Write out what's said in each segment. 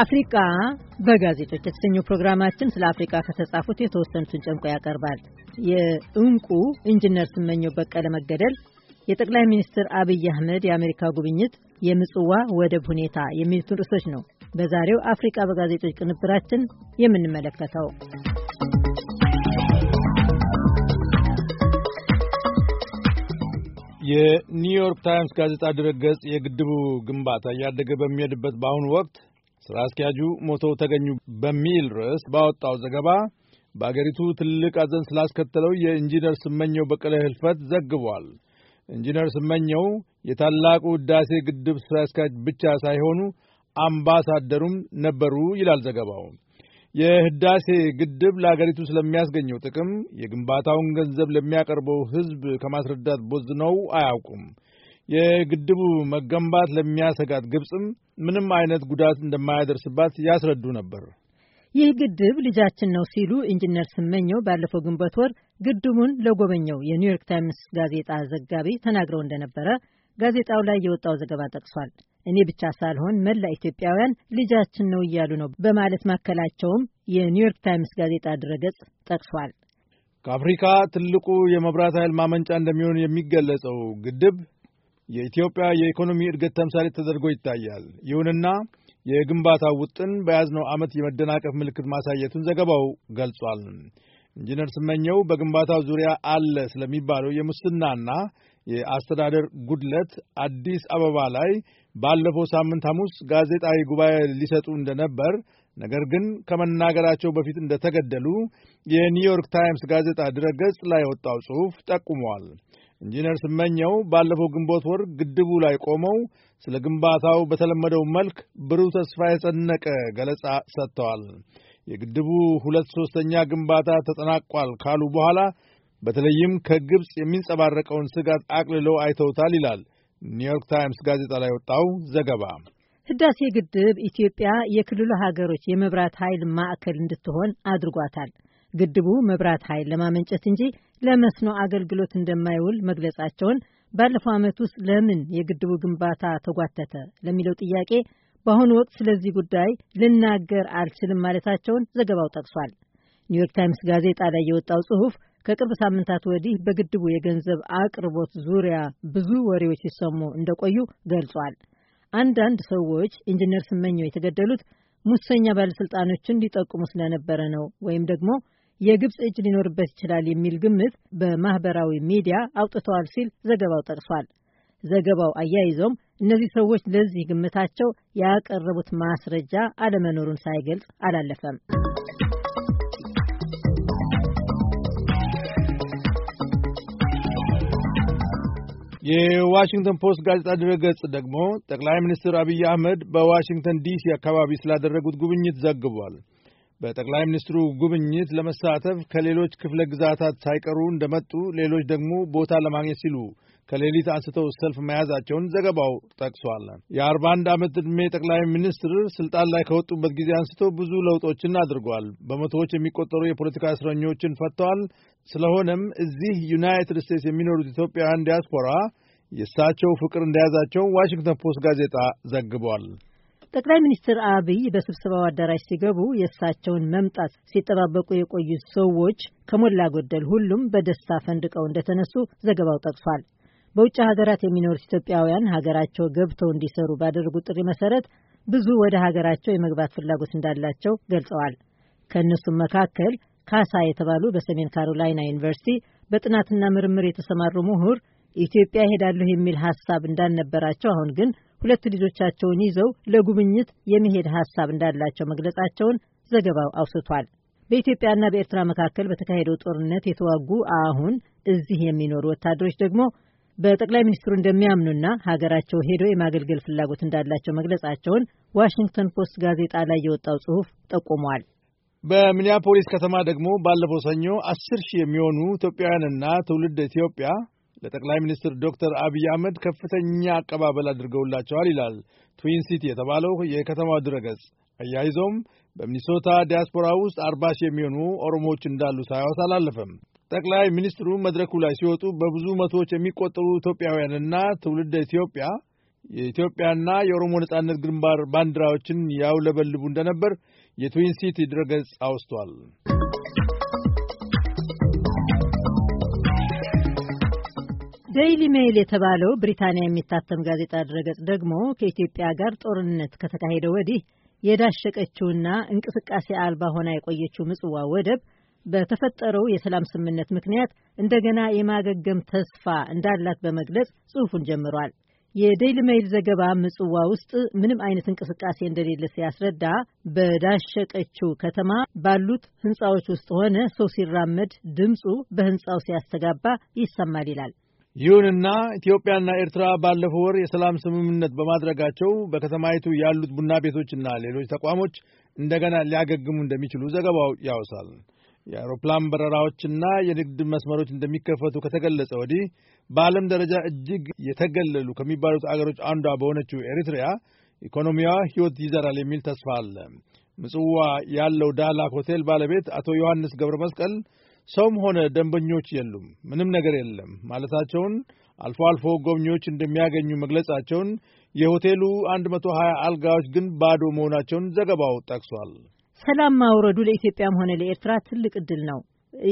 አፍሪቃ በጋዜጦች የተሰኘው ፕሮግራማችን ስለ አፍሪቃ ከተጻፉት የተወሰኑትን ጨምቆ ያቀርባል። የእንቁ ኢንጂነር ስመኘው በቀለ መገደል፣ የጠቅላይ ሚኒስትር አብይ አህመድ የአሜሪካ ጉብኝት፣ የምጽዋ ወደብ ሁኔታ የሚሉትን ርዕሶች ነው በዛሬው አፍሪቃ በጋዜጦች ቅንብራችን የምንመለከተው። የኒውዮርክ ታይምስ ጋዜጣ ድረገጽ የግድቡ ግንባታ እያደገ በሚሄድበት በአሁኑ ወቅት ስራ አስኪያጁ ሞተው ተገኙ በሚል ርዕስ ባወጣው ዘገባ በአገሪቱ ትልቅ አዘን ስላስከተለው የኢንጂነር ስመኘው በቀለ ህልፈት ዘግቧል። ኢንጂነር ስመኘው የታላቁ ህዳሴ ግድብ ስራ አስኪያጅ ብቻ ሳይሆኑ አምባሳደሩም ነበሩ ይላል ዘገባው። የህዳሴ ግድብ ለአገሪቱ ስለሚያስገኘው ጥቅም የግንባታውን ገንዘብ ለሚያቀርበው ህዝብ ከማስረዳት ቦዝነው አያውቁም። የግድቡ መገንባት ለሚያሰጋት ግብፅም ምንም አይነት ጉዳት እንደማያደርስባት ያስረዱ ነበር። ይህ ግድብ ልጃችን ነው ሲሉ ኢንጂነር ስመኘው ባለፈው ግንቦት ወር ግድቡን ለጎበኘው የኒውዮርክ ታይምስ ጋዜጣ ዘጋቢ ተናግረው እንደነበረ ጋዜጣው ላይ የወጣው ዘገባ ጠቅሷል። እኔ ብቻ ሳልሆን መላ ኢትዮጵያውያን ልጃችን ነው እያሉ ነው በማለት ማከላቸውም የኒውዮርክ ታይምስ ጋዜጣ ድረገጽ ጠቅሷል። ከአፍሪካ ትልቁ የመብራት ኃይል ማመንጫ እንደሚሆን የሚገለጸው ግድብ የኢትዮጵያ የኢኮኖሚ እድገት ተምሳሌ ተደርጎ ይታያል። ይሁንና የግንባታው ውጥን በያዝነው ዓመት የመደናቀፍ ምልክት ማሳየቱን ዘገባው ገልጿል። ኢንጂነር ስመኘው በግንባታው ዙሪያ አለ ስለሚባለው የሙስናና የአስተዳደር ጉድለት አዲስ አበባ ላይ ባለፈው ሳምንት ሐሙስ ጋዜጣዊ ጉባኤ ሊሰጡ እንደነበር ነገር ግን ከመናገራቸው በፊት እንደተገደሉ የኒውዮርክ ታይምስ ጋዜጣ ድረገጽ ላይ የወጣው ጽሑፍ ጠቁመዋል። ኢንጂነር ስመኘው ባለፈው ግንቦት ወር ግድቡ ላይ ቆመው ስለ ግንባታው በተለመደው መልክ ብሩህ ተስፋ የጸነቀ ገለጻ ሰጥተዋል። የግድቡ ሁለት ሦስተኛ ግንባታ ተጠናቋል ካሉ በኋላ በተለይም ከግብፅ የሚንጸባረቀውን ስጋት አቅልለው አይተውታል ይላል ኒውዮርክ ታይምስ ጋዜጣ ላይ ወጣው ዘገባ። ህዳሴ ግድብ ኢትዮጵያ የክልሉ ሀገሮች የመብራት ኃይል ማዕከል እንድትሆን አድርጓታል። ግድቡ መብራት ኃይል ለማመንጨት እንጂ ለመስኖ አገልግሎት እንደማይውል መግለጻቸውን ባለፈው ዓመት ውስጥ ለምን የግድቡ ግንባታ ተጓተተ ለሚለው ጥያቄ በአሁኑ ወቅት ስለዚህ ጉዳይ ልናገር አልችልም ማለታቸውን ዘገባው ጠቅሷል። ኒውዮርክ ታይምስ ጋዜጣ ላይ የወጣው ጽሑፍ ከቅርብ ሳምንታት ወዲህ በግድቡ የገንዘብ አቅርቦት ዙሪያ ብዙ ወሬዎች ሲሰሙ እንደቆዩ ገልጿል። አንዳንድ ሰዎች ኢንጂነር ስመኘው የተገደሉት ሙሰኛ ባለስልጣኖች ሊጠቁሙ ስለነበረ ነው ወይም ደግሞ የግብፅ እጅ ሊኖርበት ይችላል የሚል ግምት በማህበራዊ ሚዲያ አውጥተዋል ሲል ዘገባው ጠቅሷል። ዘገባው አያይዞም እነዚህ ሰዎች ለዚህ ግምታቸው ያቀረቡት ማስረጃ አለመኖሩን ሳይገልጽ አላለፈም። የዋሽንግተን ፖስት ጋዜጣ ድረገጽ ደግሞ ጠቅላይ ሚኒስትር አብይ አህመድ በዋሽንግተን ዲሲ አካባቢ ስላደረጉት ጉብኝት ዘግቧል። በጠቅላይ ሚኒስትሩ ጉብኝት ለመሳተፍ ከሌሎች ክፍለ ግዛታት ሳይቀሩ እንደመጡ፣ ሌሎች ደግሞ ቦታ ለማግኘት ሲሉ ከሌሊት አንስተው ሰልፍ መያዛቸውን ዘገባው ጠቅሷል። የ41 ዓመት ዕድሜ ጠቅላይ ሚኒስትር ስልጣን ላይ ከወጡበት ጊዜ አንስቶ ብዙ ለውጦችን አድርጓል። በመቶዎች የሚቆጠሩ የፖለቲካ እስረኞችን ፈተዋል። ስለሆነም እዚህ ዩናይትድ ስቴትስ የሚኖሩት ኢትዮጵያውያን ዲያስፖራ የእሳቸው ፍቅር እንደያዛቸው ዋሽንግተን ፖስት ጋዜጣ ዘግቧል። ጠቅላይ ሚኒስትር አብይ በስብሰባው አዳራሽ ሲገቡ የእሳቸውን መምጣት ሲጠባበቁ የቆዩት ሰዎች ከሞላ ጎደል ሁሉም በደስታ ፈንድቀው እንደተነሱ ዘገባው ጠቅሷል። በውጭ ሀገራት የሚኖሩት ኢትዮጵያውያን ሀገራቸው ገብተው እንዲሰሩ ባደረጉ ጥሪ መሰረት ብዙ ወደ ሀገራቸው የመግባት ፍላጎት እንዳላቸው ገልጸዋል። ከእነሱም መካከል ካሳ የተባሉ በሰሜን ካሮላይና ዩኒቨርሲቲ በጥናትና ምርምር የተሰማሩ ምሁር ኢትዮጵያ ይሄዳለሁ የሚል ሀሳብ እንዳልነበራቸው፣ አሁን ግን ሁለት ልጆቻቸውን ይዘው ለጉብኝት የመሄድ ሀሳብ እንዳላቸው መግለጻቸውን ዘገባው አውስቷል። በኢትዮጵያና በኤርትራ መካከል በተካሄደው ጦርነት የተዋጉ አሁን እዚህ የሚኖሩ ወታደሮች ደግሞ በጠቅላይ ሚኒስትሩ እንደሚያምኑና ሀገራቸው ሄደው የማገልገል ፍላጎት እንዳላቸው መግለጻቸውን ዋሽንግተን ፖስት ጋዜጣ ላይ የወጣው ጽሑፍ ጠቁሟል። በሚኒያፖሊስ ከተማ ደግሞ ባለፈው ሰኞ አስር ሺህ የሚሆኑ ኢትዮጵያውያንና ትውልድ ኢትዮጵያ ለጠቅላይ ሚኒስትር ዶክተር አብይ አህመድ ከፍተኛ አቀባበል አድርገውላቸዋል ይላል ትዊን ሲቲ የተባለው የከተማው ድረገጽ። አያይዞም በሚኒሶታ ዲያስፖራ ውስጥ አርባ ሺህ የሚሆኑ ኦሮሞዎች እንዳሉ ሳያወስ አላለፈም። ጠቅላይ ሚኒስትሩ መድረኩ ላይ ሲወጡ በብዙ መቶዎች የሚቆጠሩ ኢትዮጵያውያንና ትውልደ ኢትዮጵያ የኢትዮጵያና የኦሮሞ ነጻነት ግንባር ባንዲራዎችን ያውለበልቡ እንደነበር የትዊን ሲቲ ድረገጽ አውስቷል። ዴይሊ ሜይል የተባለው ብሪታንያ የሚታተም ጋዜጣ ድረገጽ ደግሞ ከኢትዮጵያ ጋር ጦርነት ከተካሄደ ወዲህ የዳሸቀችውና እንቅስቃሴ አልባ ሆና የቆየችው ምጽዋ ወደብ በተፈጠረው የሰላም ስምምነት ምክንያት እንደገና የማገገም ተስፋ እንዳላት በመግለጽ ጽሑፉን ጀምሯል። የዴይሊ ሜይል ዘገባ ምጽዋ ውስጥ ምንም አይነት እንቅስቃሴ እንደሌለ ሲያስረዳ በዳሸቀችው ከተማ ባሉት ህንፃዎች ውስጥ ሆነ ሰው ሲራመድ ድምፁ በህንፃው ሲያስተጋባ ይሰማል ይላል። ይሁንና ኢትዮጵያና ኤርትራ ባለፈው ወር የሰላም ስምምነት በማድረጋቸው በከተማይቱ ያሉት ቡና ቤቶችና ሌሎች ተቋሞች እንደገና ሊያገግሙ እንደሚችሉ ዘገባው ያውሳል። የአውሮፕላን በረራዎችና የንግድ መስመሮች እንደሚከፈቱ ከተገለጸ ወዲህ በዓለም ደረጃ እጅግ የተገለሉ ከሚባሉት አገሮች አንዷ በሆነችው ኤሪትሪያ ኢኮኖሚዋ ሕይወት ይዘራል የሚል ተስፋ አለ። ምጽዋ ያለው ዳላ ሆቴል ባለቤት አቶ ዮሐንስ ገብረ መስቀል ሰውም ሆነ ደንበኞች የሉም፣ ምንም ነገር የለም ማለታቸውን አልፎ አልፎ ጎብኚዎች እንደሚያገኙ መግለጻቸውን፣ የሆቴሉ 120 አልጋዎች ግን ባዶ መሆናቸውን ዘገባው ጠቅሷል። ሰላም ማውረዱ ለኢትዮጵያም ሆነ ለኤርትራ ትልቅ እድል ነው።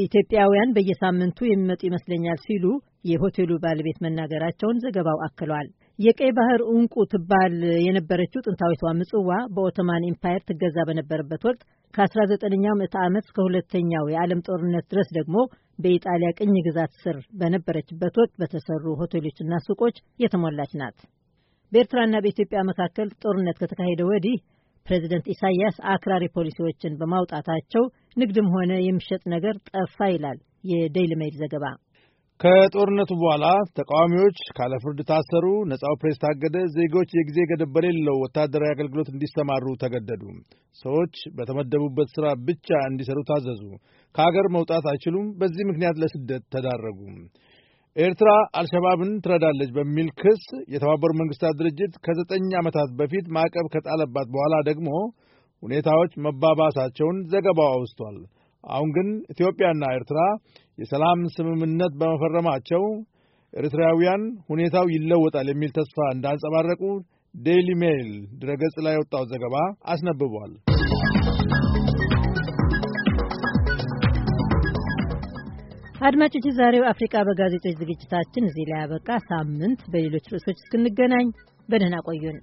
ኢትዮጵያውያን በየሳምንቱ የሚመጡ ይመስለኛል ሲሉ የሆቴሉ ባለቤት መናገራቸውን ዘገባው አክሏል። የቀይ ባህር እንቁ ትባል የነበረችው ጥንታዊቷ ምጽዋ በኦቶማን ኢምፓየር ትገዛ በነበረበት ወቅት ከ19ኛው ምዕተ ዓመት እስከ ሁለተኛው የዓለም ጦርነት ድረስ ደግሞ በኢጣሊያ ቅኝ ግዛት ስር በነበረችበት ወቅት በተሰሩ ሆቴሎችና ሱቆች የተሞላች ናት። በኤርትራና በኢትዮጵያ መካከል ጦርነት ከተካሄደ ወዲህ ፕሬዚደንት ኢሳያስ አክራሪ ፖሊሲዎችን በማውጣታቸው ንግድም ሆነ የሚሸጥ ነገር ጠፋ ይላል የዴይሊ ሜይል ዘገባ። ከጦርነቱ በኋላ ተቃዋሚዎች ካለ ፍርድ ታሰሩ፣ ነጻው ፕሬስ ታገደ፣ ዜጎች የጊዜ ገደብ በሌለው ወታደራዊ አገልግሎት እንዲሰማሩ ተገደዱ። ሰዎች በተመደቡበት ስራ ብቻ እንዲሰሩ ታዘዙ፣ ከአገር መውጣት አይችሉም። በዚህ ምክንያት ለስደት ተዳረጉ። ኤርትራ አልሸባብን ትረዳለች በሚል ክስ የተባበሩት መንግስታት ድርጅት ከዘጠኝ ዓመታት በፊት ማዕቀብ ከጣለባት በኋላ ደግሞ ሁኔታዎች መባባሳቸውን ዘገባው አውስቷል። አሁን ግን ኢትዮጵያና ኤርትራ የሰላም ስምምነት በመፈረማቸው ኤርትራውያን ሁኔታው ይለወጣል የሚል ተስፋ እንዳንጸባረቁ ዴይሊ ሜይል ድረገጽ ላይ የወጣው ዘገባ አስነብቧል። አድማጮች፣ የዛሬው አፍሪካ በጋዜጦች ዝግጅታችን እዚህ ላይ ያበቃ። ሳምንት በሌሎች ርዕሶች እስክንገናኝ በደህና ቆዩን።